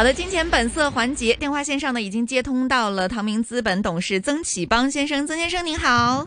好的，金錢本色環節，電話線上呢已經接通到了唐明資本董事曾啟邦先生，曾先生您好。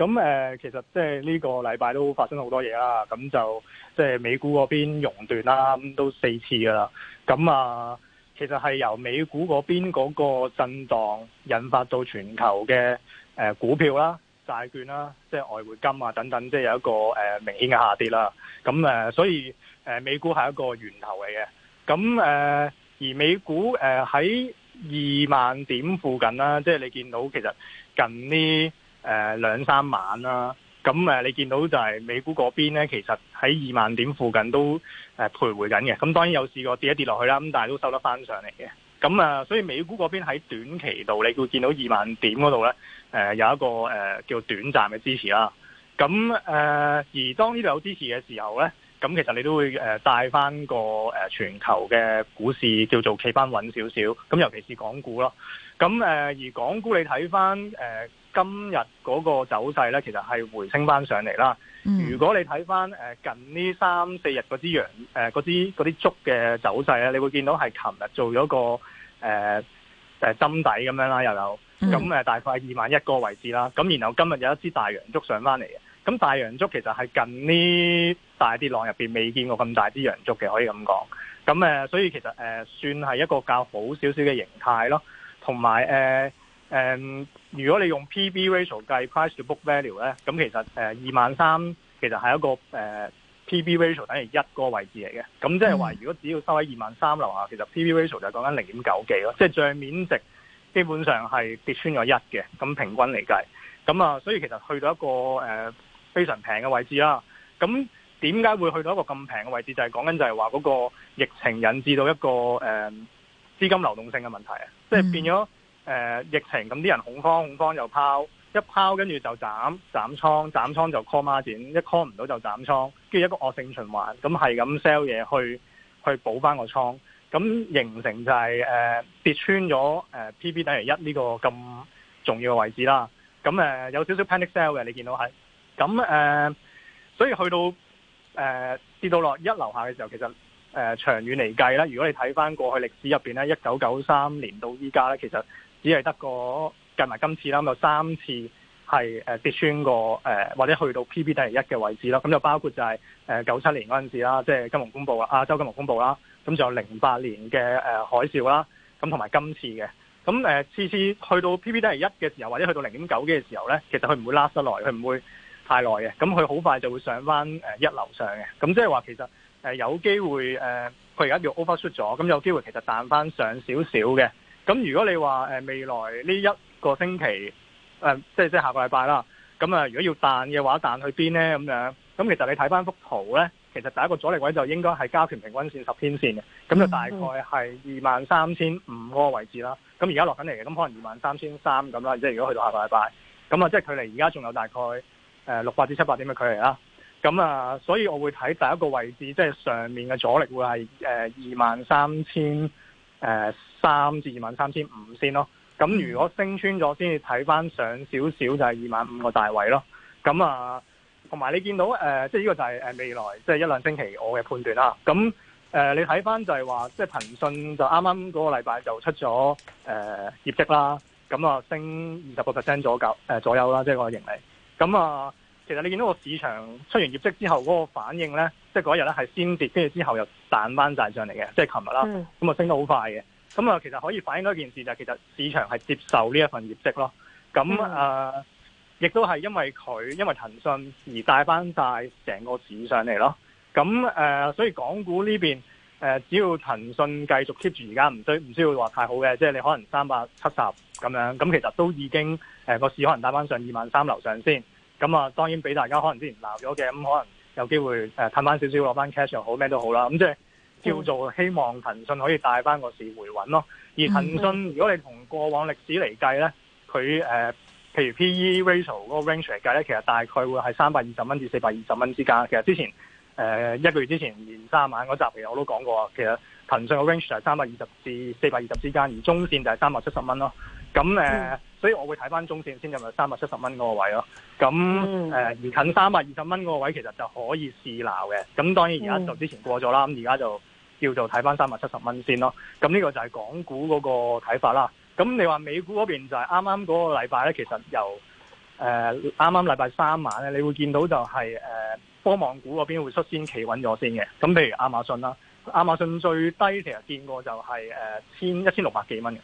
咁誒，其實即係呢個禮拜都發生好多嘢啦。咁就即係美股嗰邊熔斷啦，咁都四次噶啦。咁啊，其實係由美股嗰邊嗰個震盪引發到全球嘅誒股票啦、債券啦、即係外匯金啊等等，即係有一個誒明顯嘅下跌啦。咁誒，所以誒美股係一個源頭嚟嘅。咁誒，而美股誒喺二萬點附近啦，即係你見到其實近呢。誒、呃、兩三晚啦、啊，咁、啊、誒你見到就係美股嗰邊咧，其實喺二萬點附近都誒、呃、徘徊緊嘅。咁、啊、當然有試過跌一跌落去啦，咁但係都收得翻上嚟嘅。咁啊，所以美股嗰邊喺短期度，你會見到二萬點嗰度咧，誒、啊、有一個誒、啊、叫短暫嘅支持啦。咁、啊、誒而當呢度有支持嘅時候咧，咁、啊、其實你都會誒帶翻個誒全球嘅股市叫做企翻穩少少。咁、啊、尤其是港股咯，咁、啊、誒而港股你睇翻誒。啊今日嗰個走勢咧，其實係回升翻上嚟啦、嗯。如果你睇翻近呢三四日嗰支羊嗰啲嗰啲竹嘅走勢咧，你會見到係琴日做咗個誒誒針底咁樣啦，又有咁誒、嗯、大概二萬一個位置啦。咁然後今日有一支大洋竹上翻嚟嘅，咁大洋竹其實係近呢大跌浪入面未見過咁大支洋竹嘅，可以咁講。咁誒，所以其實、呃、算係一個較好少少嘅形態咯，同埋誒如果你用 P/B ratio 計 price to book value 咧，咁其實誒二萬三其實係一個、呃、P/B ratio 等於一個位置嚟嘅。咁即係話，如果只要收喺二萬三樓下，其實 P/B ratio 就係講緊零點九幾咯。即係帳面值基本上係跌穿咗一嘅，咁平均嚟計，咁啊，所以其實去到一個誒、呃、非常平嘅位置啦。咁點解會去到一個咁平嘅位置？就係講緊就係話嗰個疫情引致到一個誒、呃、資金流動性嘅問題啊，即係變咗。嗯誒、呃、疫情咁啲人恐慌，恐慌就拋，一拋跟住就斬斬倉，斬倉就 call 孖展，一 call 唔到就斬倉，跟住一個惡性循環，咁係咁 sell 嘢去去補翻個倉，咁形成就係、是呃、跌穿咗 P/B 等於一呢個咁重要嘅位置啦。咁、呃、有少少 panic sell 嘅，你見到係。咁誒、呃，所以去到誒、呃、跌到落一樓下嘅時候，其實、呃、長遠嚟計咧，如果你睇翻過去歷史入邊，咧，一九九三年到依家咧，其實。只係得個近埋今次啦，咁有三次係誒跌穿個誒或者去到 P/B 低係一嘅位置啦，咁就包括就係誒九七年嗰陣時啦，即係金融風暴啊，亞洲金融風暴啦，咁仲有零八年嘅誒海嘯啦，咁同埋今次嘅，咁誒次次去到 P/B 低係一嘅時候，或者去到零點九嘅時候咧，其實佢唔會 last 得耐，佢唔會太耐嘅，咁佢好快就會上翻誒一樓上嘅，咁即係話其實誒有機會誒，佢而家叫 overshoot 咗，咁有機會其實彈翻上少少嘅。咁如果你話、呃、未來呢一個星期、呃、即係即係下個禮拜啦，咁啊，如果要彈嘅話，彈去邊呢？咁樣咁其實你睇翻幅圖呢，其實第一個阻力位就應該係加權平均線十天線嘅，咁就大概係二萬三千五個位置啦。咁而家落緊嚟嘅，咁可能二萬三千三咁啦。即係如果去到下個禮拜，咁啊，即係距離而家仲有大概誒、呃、六百至七百點嘅距離啦。咁啊、呃，所以我會睇第一個位置，即係上面嘅阻力會係二萬三千。呃 23, 誒、呃，三至二萬三千五先咯，咁如果升穿咗，先至睇翻上少少就係二萬五個大位咯。咁啊，同埋你見到誒，即係呢個就係誒未來即係、就是、一兩星期我嘅判斷啦。咁誒、呃，你睇翻就係話，即係騰訊就啱啱嗰個禮拜就出咗誒、呃、業績啦，咁啊升二十個 percent 左右誒、呃、左右啦，即、就、係、是、個盈利。咁啊，其實你見到個市場出完業績之後嗰個反應咧？即係嗰日咧，係先跌，跟住之後又彈翻晒上嚟嘅。即係琴日啦，咁啊升得好快嘅。咁啊，其實可以反映到一件事就係、是，其實市場係接受呢一份業績咯。咁誒、mm-hmm. 呃，亦都係因為佢，因為騰訊而帶翻晒成個市上嚟咯。咁誒、呃，所以港股呢邊誒、呃，只要騰訊繼續 keep 住而家唔需唔需要話太好嘅，即係你可能三百七十咁樣，咁其實都已經誒個、呃、市可能帶翻上二萬三樓上先。咁啊、呃，當然俾大家可能之前鬧咗嘅，咁、嗯、可能。有機會誒攤翻少少落翻 cash 又好咩都好啦，咁即係叫做希望騰訊可以帶翻個市回穩咯。而騰訊如果你同過往歷史嚟計咧，佢誒、呃、譬如 P E ratio 嗰個 range 嚟計咧，其實大概會係三百二十蚊至四百二十蚊之間。其實之前誒、呃、一個月之前連三晚嗰集，其實我都講過，其實騰訊個 range 就係三百二十至四百二十之間，而中線就係三百七十蚊咯。咁誒、嗯，所以我會睇翻中線先，就咪三百七十蚊嗰個位咯。咁誒、嗯，而近三百二十蚊嗰個位其實就可以試鬧嘅。咁當然而家就之前過咗啦，咁而家就叫做睇翻三百七十蚊先咯。咁呢個就係港股嗰個睇法啦。咁你話美股嗰邊就係啱啱嗰個禮拜咧，其實由誒啱啱禮拜三晚咧，你會見到就係誒科網股嗰邊會率先企穩咗先嘅。咁譬如亞馬遜啦，亞馬遜最低其實見過就係誒千一千六百幾蚊嘅。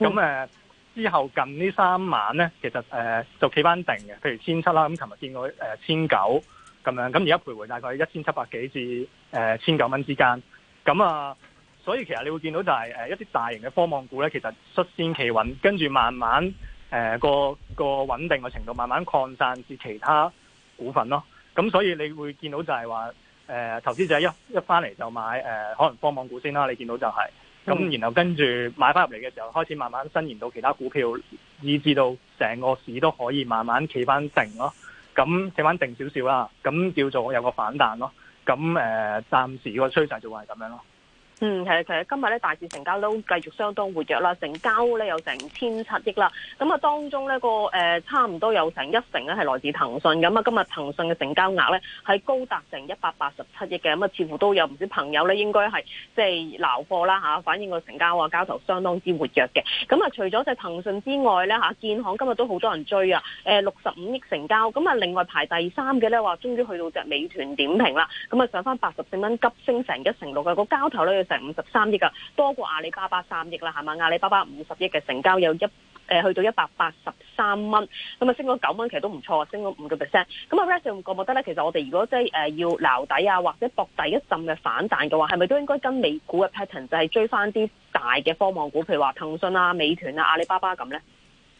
咁、嗯之後近呢三晚呢，其實誒、呃、就企翻定嘅，譬如千七啦，咁琴日見過誒千九咁樣，咁而家徘徊大概一千七百幾至誒千九蚊之間，咁啊，所以其實你會見到就係、是啊、一啲大型嘅科網股呢，其實率先企穩，跟住慢慢誒、啊、個個穩定嘅程度慢慢擴散至其他股份咯，咁、啊啊、所以你會見到就係話誒投資者一一翻嚟就買誒、啊、可能科網股先啦，你見到就係、是。咁然後跟住買翻入嚟嘅時候，開始慢慢伸延到其他股票，以至到成個市都可以慢慢企翻定咯、哦。咁企翻定少少啦，咁、嗯、叫做有個反彈咯、哦。咁、嗯、誒、呃，暫時個趨勢就係咁樣咯。嗯，係啊，其實今日咧，大市成交都繼續相當活躍啦，成交咧有成千七億啦。咁啊，當中呢個誒差唔多有成一成咧係來自騰訊咁啊。今日騰訊嘅成交額咧係高達成一百八十七億嘅，咁啊，似乎都有唔少朋友咧應該係即係撈貨啦嚇，反映個成交啊交投相當之活躍嘅。咁啊，除咗隻騰訊之外咧嚇，建行今日都好多人追啊，誒六十五億成交。咁啊，另外排第三嘅咧話終於去到隻美團點評啦，咁啊上返八十四蚊急升成一成六嘅交投咧。成五十三億啊，多過阿里巴巴三億啦，係嘛？阿里巴巴五十億嘅成交有一誒、呃，去到一百八十三蚊，咁啊升咗九蚊，其實都唔錯，升咗五個 percent。咁啊。Rason 覺唔覺得咧？其實我哋如果即係誒要撈底啊，或者博第一浸嘅反彈嘅話，係咪都應該跟美股嘅 pattern，就係追翻啲大嘅科網股，譬如話騰訊啊、美團啊、阿里巴巴咁咧？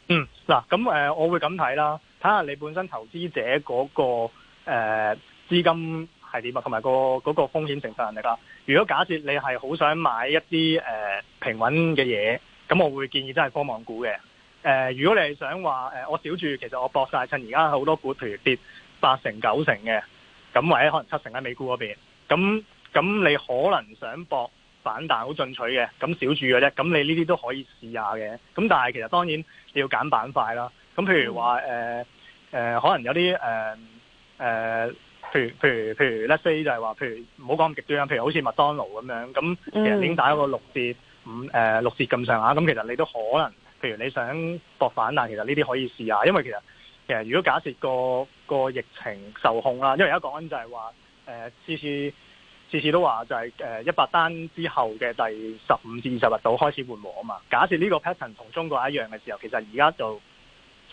嗯，嗱，咁、呃、誒我會咁睇啦，睇下你本身投資者嗰、那個誒資、呃、金。係點啊？同埋、那個嗰、那個風險承受能力啦。如果假設你係好想買一啲誒、呃、平穩嘅嘢，咁我會建議真係科網股嘅。誒、呃，如果你係想話誒、呃，我少注，其實我博晒趁而家好多股，譬如跌八成、九成嘅，咁或者可能七成喺美股嗰邊，咁咁你可能想博反彈好進取嘅，咁少注嘅啫。咁你呢啲都可以試下嘅。咁但係其實當然你要揀板塊啦。咁譬如話誒誒，可能有啲誒誒。呃呃譬如譬如譬如 let's say 就係話，譬如唔好講咁極端啊，譬如好似麥當勞咁樣，咁其實已經打咗個六折五誒、呃、六折咁上下，咁其實你都可能，譬如你想博反彈，其實呢啲可以試下，因為其實其實如果假設個個疫情受控啦，因為而家講緊就係話誒次次次次都話就係誒一百單之後嘅第十五至二十日度開始緩和啊嘛，假設呢個 pattern 同中國一樣嘅時候，其實而家就。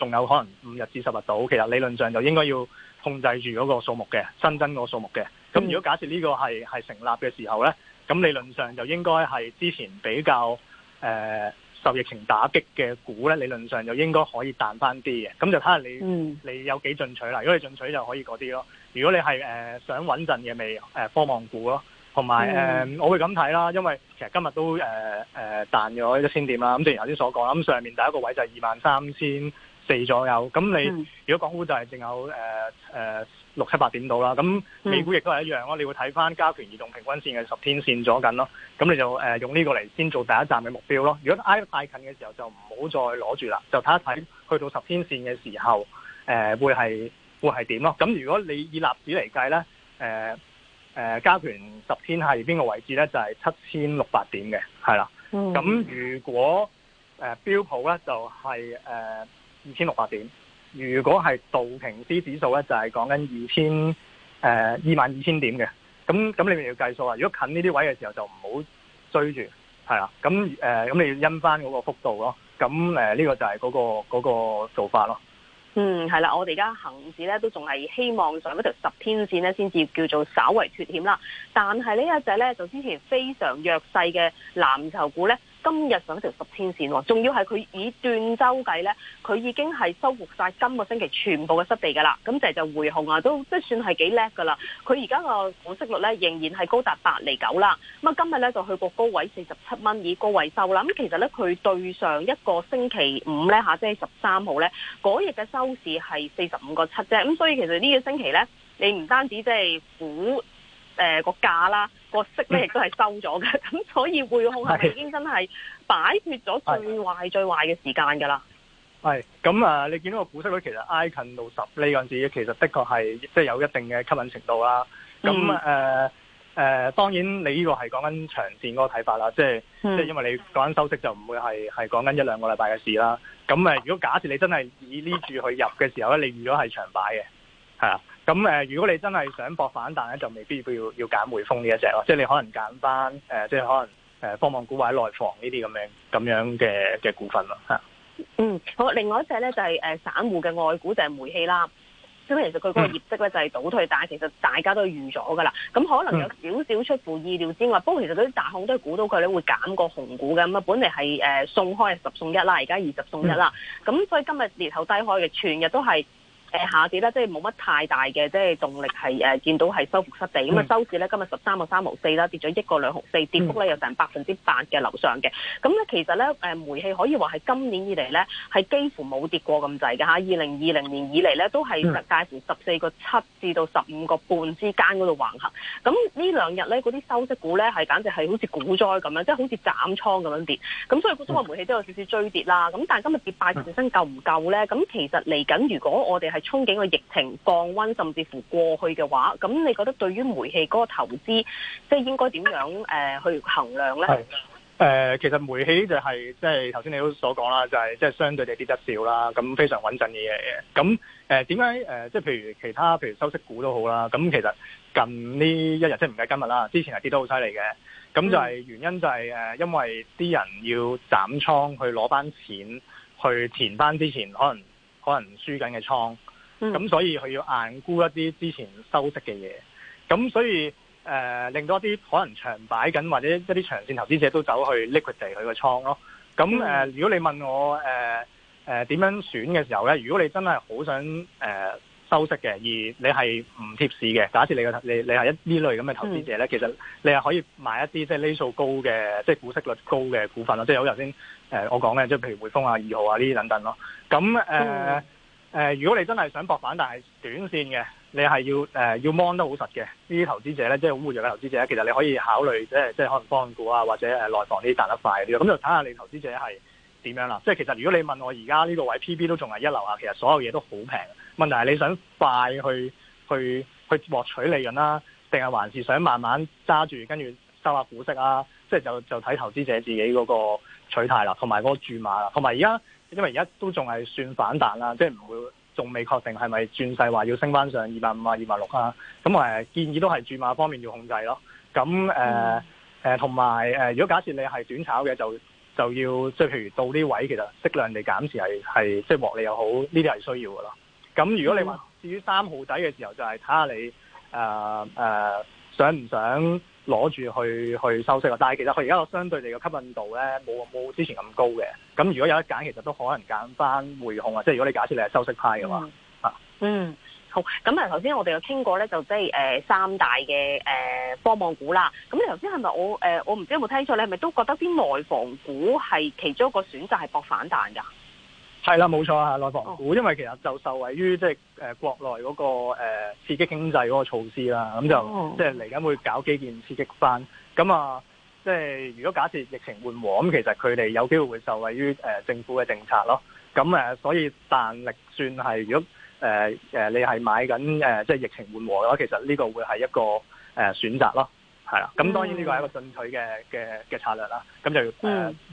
仲有可能五日至十日到，其實理論上就應該要控制住嗰個數目嘅新增個數目嘅。咁如果假設呢個係係成立嘅時候呢，咁理論上就應該係之前比較誒、呃、受疫情打擊嘅股呢，理論上就應該可以彈翻啲嘅。咁就睇下你你有幾進取啦。如果你進取就可以嗰啲咯。如果你係誒、呃、想穩陣嘅，未、呃，誒科網股咯。同埋誒我會咁睇啦，因為其實今日都誒誒、呃呃、彈咗一千點啦。咁正如頭先所講啦，咁上面第一個位就係二萬三千四左右，咁你如果港股就係淨有誒誒、呃呃、六七百點到啦，咁美股亦都係一樣咯。你會睇翻加權移動平均線嘅十天線咗緊咯，咁你就用呢個嚟先做第一站嘅目標咯。如果挨得太近嘅時候就，就唔好再攞住啦，就睇一睇去到十天線嘅時候，呃、會係會係點咯。咁如果你以納指嚟計咧，加、呃呃、權十天係邊個位置咧？就係、是、七千六百點嘅，係啦。咁、嗯、如果誒、呃、標普咧、就係，就、呃、係二千六百點，如果係道瓊斯指數咧，就係講緊二千誒二萬二千點嘅，咁咁你咪要計數啊！如果近呢啲位嘅時候就唔好追住，係啦，咁誒咁你要因翻嗰個幅度咯，咁誒呢個就係嗰個嗰個做法咯。嗯，係啦，我哋而家恆指咧都仲係希望上嗰條十天線咧先至叫做稍微脱險啦，但係呢一隻咧就之前非常弱勢嘅藍籌股咧。今日上成十天線喎，仲要係佢以段週計呢，佢已經係收復晒今個星期全部嘅失地㗎啦。咁就係就回紅啊，都即係算係幾叻㗎啦。佢而家個股息率呢，仍然係高達八厘九啦。咁啊，今日呢，就去過高位四十七蚊，以高位收啦。咁其實呢，佢對上一個星期五呢，嚇，即係十三號呢嗰日嘅收市係四十五個七啫。咁所以其實呢個星期呢，你唔單止即係估誒個價啦。個息咧亦都係收咗嘅，咁 所以匯控係已經真係擺脱咗最壞、最壞嘅時間㗎啦。係，咁啊、呃，你見到個股息率其實挨近到十厘呢陣時，其實的確係即係有一定嘅吸引程度啦。咁誒誒，當然你呢個係講緊長線嗰個睇法啦，即係即係因為你講緊收息就唔會係係講緊一兩個禮拜嘅事啦。咁誒、呃，如果假設你真係以呢住去入嘅時候咧，你預咗係長擺嘅，係啊。咁誒，如果你真係想博反彈咧，就未必要要揀匯豐呢一隻咯，即係你可能揀翻誒，即係可能誒，科網股或者內房呢啲咁樣咁樣嘅嘅股份咯、啊、嗯，好，另外一隻咧就係散戶嘅外股就係煤氣啦。咁其實佢個業績咧就係、是、倒退，嗯、但係其實大家都預咗噶啦。咁可能有少少出乎意料之外，不過其實啲大行都係估到佢咧會減個紅股嘅咁啊。本嚟係誒送開十送一啦，而家二十送一啦。咁、嗯、所以今日年頭低開嘅，全日都係。下跌啦，即係冇乜太大嘅，即係動力係誒、呃、見到係收復失地。咁、嗯、啊，收市呢？今日十三個三毫四啦，跌咗一個兩毫四，跌幅咧有成百分之八嘅樓上嘅。咁咧其實咧誒，煤氣可以話係今年以嚟咧係幾乎冇跌過咁滯㗎吓。二零二零年以嚟咧都係介乎十四個七至到十五個半之間嗰度橫行。咁呢兩日咧嗰啲收息股咧係簡直係好似股災咁樣，即係好似斬倉咁樣跌。咁所以估我煤氣都有少少追跌啦。咁但係今日跌敗本身夠唔夠咧？咁其實嚟緊如果我哋係憧憬個疫情降溫，甚至乎過去嘅話，咁你覺得對於煤氣嗰個投資，即係應該點樣誒、呃、去衡量咧？係、呃、其實煤氣就係即係頭先你都所講啦，就係即係相對地跌得少啦，咁非常穩陣嘅嘢。咁誒點解誒？即、呃、係、呃、譬如其他，譬如收息股都好啦。咁其實近呢一日即係唔計今日啦，之前係跌得好犀利嘅。咁就係原因就係、是、誒、嗯，因為啲人要斬倉去攞翻錢，去填翻之前可能。可能輸緊嘅倉，咁所以佢要硬沽一啲之前收息嘅嘢，咁所以誒、呃、令到一啲可能長擺緊或者一啲長線投資者都走去 liquidate 佢個倉咯。咁誒、呃，如果你問我誒誒點樣選嘅時候咧，如果你真係好想誒，呃收息嘅，而你係唔貼市嘅。假設你個你你係一呢類咁嘅投資者咧、嗯，其實你係可以買一啲即係厘數高嘅，即係股息率高嘅股份咯。即係好似頭先誒我講嘅，即係譬如匯豐啊、二號啊呢啲等等咯。咁誒誒，如果你真係想博反，但係短線嘅，你係要誒、呃、要 mon 得好實嘅呢啲投資者咧，即係好活躍嘅投資者，其實你可以考慮即係即係可能方股啊或者誒內房呢啲賺得快啲咯。咁就睇下你投資者係。點樣啦？即係其實如果你問我而家呢個位 P/B 都仲係一流下，其實所有嘢都好平。問題係你想快去去去獲取利潤啦、啊，定係還是想慢慢揸住跟住收下股息啊？即係就就睇投資者自己嗰個取態啦、啊，同埋嗰個注碼啦、啊。同埋而家因為而家都仲係算反彈啦、啊，即係唔會仲未確定係咪轉勢話要升翻上二百五啊二百六啊？咁誒、呃、建議都係注碼方面要控制咯。咁誒誒同埋誒，如、呃、果、呃呃、假設你係短炒嘅就。就要即係譬如到呢位，其實適量地減持係係即係獲利又好，呢啲係需要嘅咯。咁如果你話至於三號仔嘅時候，就係睇下你誒誒、呃呃、想唔想攞住去去收息咯。但係其實佢而家個相對地嘅吸引度咧，冇冇之前咁高嘅。咁如果有得揀，其實都可能揀翻匯控啊。即係如果你假設你係收息派嘅話，嚇嗯。嗯。好咁啊！頭先我哋有傾過咧，就即係、呃、三大嘅誒科網股啦。咁你頭先係咪我、呃、我唔知有冇聽錯你係咪都覺得啲內房股係其中一個選擇係博反彈㗎？係啦，冇錯啊！內房股、哦，因為其實就受惠於即係、就是呃、國內嗰、嗰個、呃、刺激經濟嗰個措施啦。咁就、哦、即係嚟緊會搞基建刺激翻。咁啊、呃，即係如果假設疫情緩和，咁其實佢哋有機會會受惠於、呃、政府嘅政策咯。咁誒、呃，所以彈力算係如果。誒、呃、誒、呃，你係買緊誒、呃，即係疫情緩和嘅話，其實呢個會係一個誒、呃、選擇咯。係啦，咁當然呢個係一個進取嘅嘅嘅策略啦。咁就要誒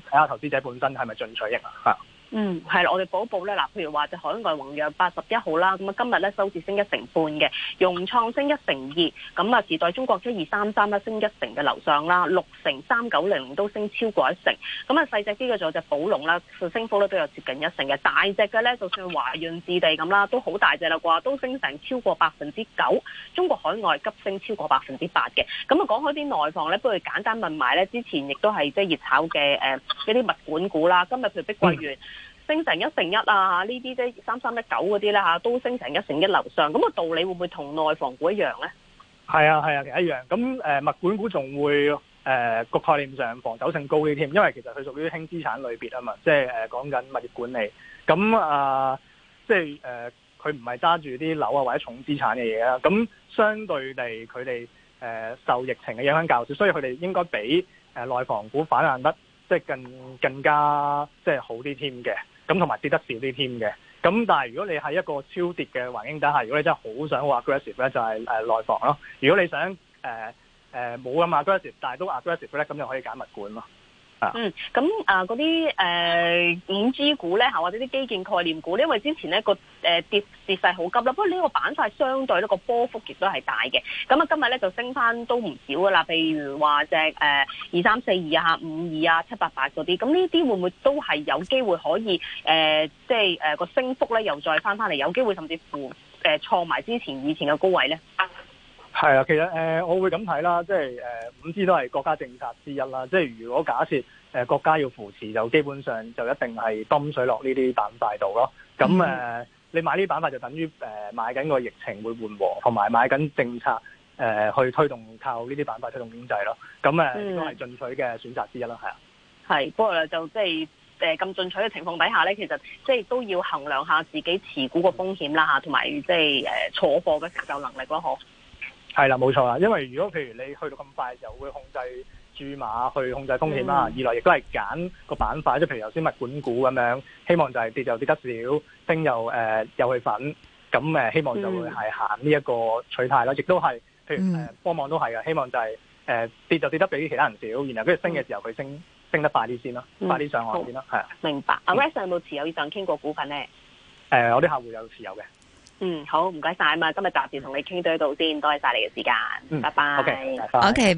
睇下投資者本身係咪進取型啊。嗯，係啦，我哋補補咧，嗱，譬如話隻海外宏洋八十一號啦，咁啊今日咧收市升一成半嘅，融創升一成二，咁啊時代中國一二三三啦，升一成嘅樓上啦，六成三九零都升超過一成，咁啊細隻啲嘅仲有隻寶龍啦，升幅咧都有接近一成嘅，大隻嘅咧就算華潤置地咁啦，都好大隻啦啩，都升成超過百分之九，中國海外急升超過百分之八嘅，咁啊講開啲內房咧，不如簡單問埋咧之前亦都係即係熱炒嘅誒一啲物管股啦，今日譬如碧桂園。升成一成一啊！呢啲即係三三一九嗰啲咧嚇，都升成一成一樓上。咁、那個道理會唔會同內房股一樣咧？係啊係啊，是啊其實一樣。咁誒物管股仲會誒個、呃、概念上防守性高啲添，因為其實佢屬於輕資產類別啊嘛，即係誒講緊物業管理。咁啊，即係誒佢唔係揸住啲樓啊或者重資產嘅嘢啦。咁相對嚟佢哋誒受疫情嘅影響較少，所以佢哋應該比誒、呃、內房股反彈得即係更更加即係好啲添嘅。咁同埋跌得少啲添嘅，咁但係如果你係一個超跌嘅環境底下，如果你真係好想話 aggressive 咧、就係，就、呃、係內房咯；如果你想誒冇咁 aggressive，但係都 aggressive 咧，咁就可以揀物管咯。嗯，咁啊嗰啲誒五 G 股，咧吓，或者啲基建概念股咧，因為之前咧個誒跌跌勢好急啦，不過呢個板塊相對呢個波幅亦都係大嘅，咁啊今日咧就升翻都唔少噶啦，譬如話隻誒二三四二啊、五二啊、七八八嗰啲，咁呢啲會唔會都係有機會可以誒、呃、即係誒個升幅咧又再翻翻嚟，有機會甚至乎誒創埋之前以前嘅高位咧？係啊，其實誒、呃、我會咁睇啦，即係誒 5G 都係國家政策之一啦。即係如果假設誒、呃、國家要扶持，就基本上就一定係泵水落呢啲板塊度咯。咁誒、呃嗯，你買呢啲板塊就等於誒、呃、買緊個疫情會緩和，同埋買緊政策誒、呃、去推動靠呢啲板塊推動經濟咯。咁誒都係進取嘅選擇之一啦，係啊。係，不過就即係誒咁進取嘅情況底下呢，其實即係都要衡量下自己持股個風險啦吓，同埋即係誒坐貨嘅承受能力咯，好係啦，冇錯啊！因為如果譬如你去到咁快，就會控制注碼去控制風險啦、嗯。二來亦都係揀個板塊，即係譬如頭先物管股咁樣，希望就係跌就跌得少，升又誒、呃、又去粉。咁誒希望就會係行呢一個取態啦。亦都係譬如誒，波網都係啊。希望就係、是、誒、呃、跌就跌得比其他人少，然後跟住升嘅時候佢、嗯、升升得快啲先咯，快啲上岸先咯。係、嗯、啊，明白。阿 r a s 有冇持有以上傾過股份咧？誒、呃，我啲客戶有持有嘅。嗯，好，唔該晒啊嘛，今日暫時同你傾到呢度先，多謝晒你嘅時間，嗯，拜拜拜拜。Okay, bye bye. Okay, bye bye.